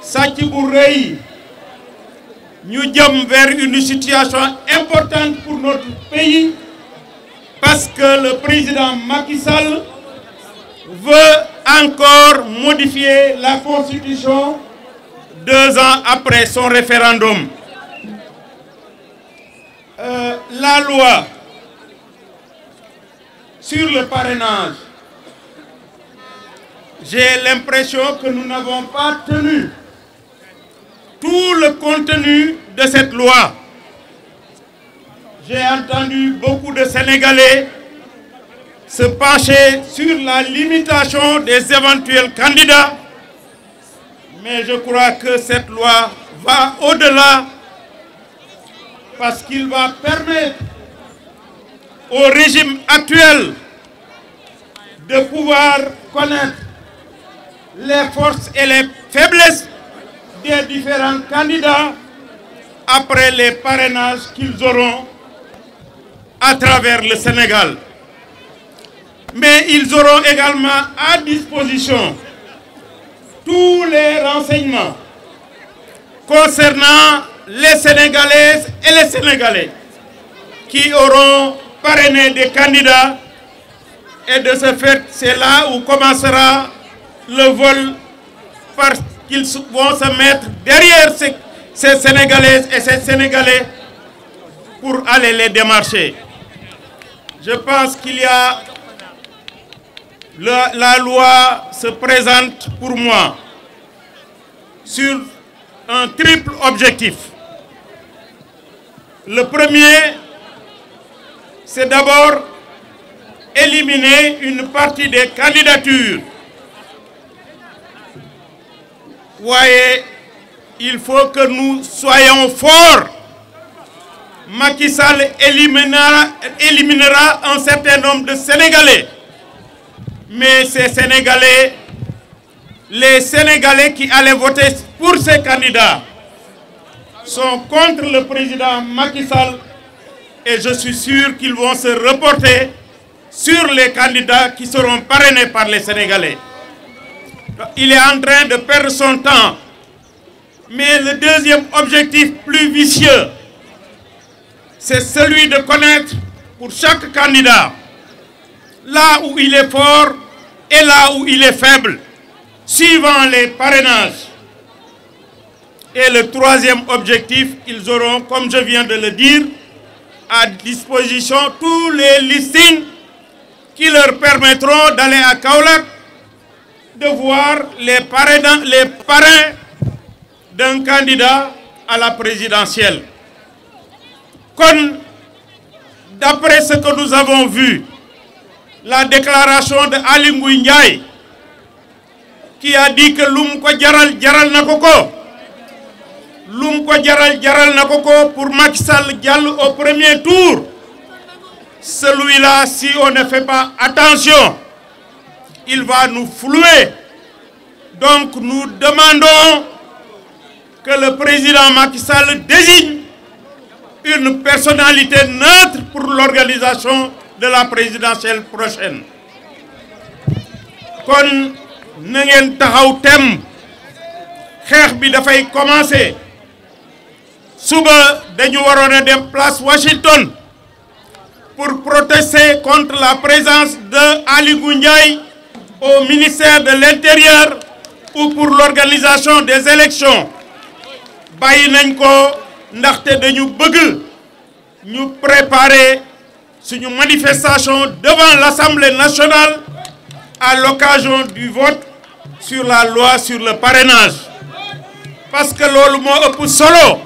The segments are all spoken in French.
Sakibou bu nous sommes vers une situation importante pour notre pays parce que le président Macky Sall veut encore modifier la constitution deux ans après son référendum. Euh, la loi sur le parrainage, j'ai l'impression que nous n'avons pas tenu tout le contenu de cette loi. J'ai entendu beaucoup de Sénégalais se pencher sur la limitation des éventuels candidats, mais je crois que cette loi va au-delà parce qu'il va permettre au régime actuel de pouvoir connaître les forces et les faiblesses des différents candidats après les parrainages qu'ils auront à travers le Sénégal. Mais ils auront également à disposition tous les renseignements concernant les Sénégalaises et les Sénégalais qui auront parrainer des candidats et de ce fait, c'est là où commencera le vol parce qu'ils vont se mettre derrière ces, Sénégalaises et ces Sénégalais pour aller les démarcher. Je pense qu'il y a... la loi se présente pour moi sur un triple objectif. Le premier, c'est d'abord éliminer une partie des candidatures. Voyez, il faut que nous soyons forts. Macky Sall éliminera, éliminera un certain nombre de Sénégalais. Mais ces Sénégalais, les Sénégalais qui allaient voter pour ces candidats, sont contre le président Macky Sall et je suis sûr qu'ils vont se reporter sur les candidats qui seront parrainés par les Sénégalais. Il est en train de perdre son temps. Mais le deuxième objectif plus vicieux, c'est celui de connaître pour chaque candidat là où il est fort et là où il est faible, suivant les parrainages. Et le troisième objectif, ils auront, comme je viens de le dire, à disposition tous les listings qui leur permettront d'aller à Kaolack, de voir les parrains, les parrains d'un candidat à la présidentielle. Comme d'après ce que nous avons vu, la déclaration de Ali Ndiaye, qui a dit que l'Umko Djaral Djaral Nakoko, L'Umko jaral jaral pour Macky Sall au premier tour celui-là si on ne fait pas attention il va nous flouer donc nous demandons que le président Macky Sall désigne une personnalité neutre pour l'organisation de la présidentielle prochaine kon bi commencer suba dañu dem place Washington pour protester contre la présence de Ali au ministère de l'Intérieur ou pour l'organisation des élections nous nañ ko ndaxte dañu bëgg ñu préparer suñu manifestation devant l'Assemblée nationale à l'occasion du vote sur la loi sur le parrainage parce que lolu mo ëpp solo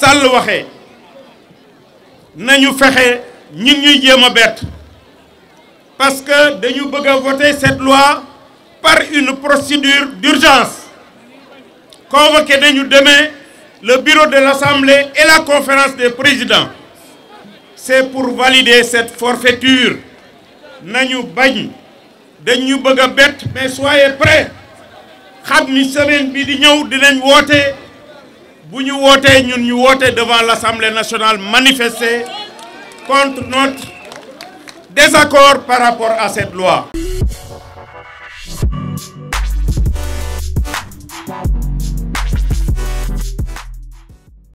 sal nous nañu fexé ñun ñuy parce que nous avons voter cette loi par une procédure d'urgence convoqué demain le bureau de l'Assemblée et la conférence des présidents c'est pour valider cette forfaiture Nous bañ dañu bëgg bet, mais soyez prêts semaine nous nous devant l'Assemblée nationale manifester contre notre désaccord par rapport à cette loi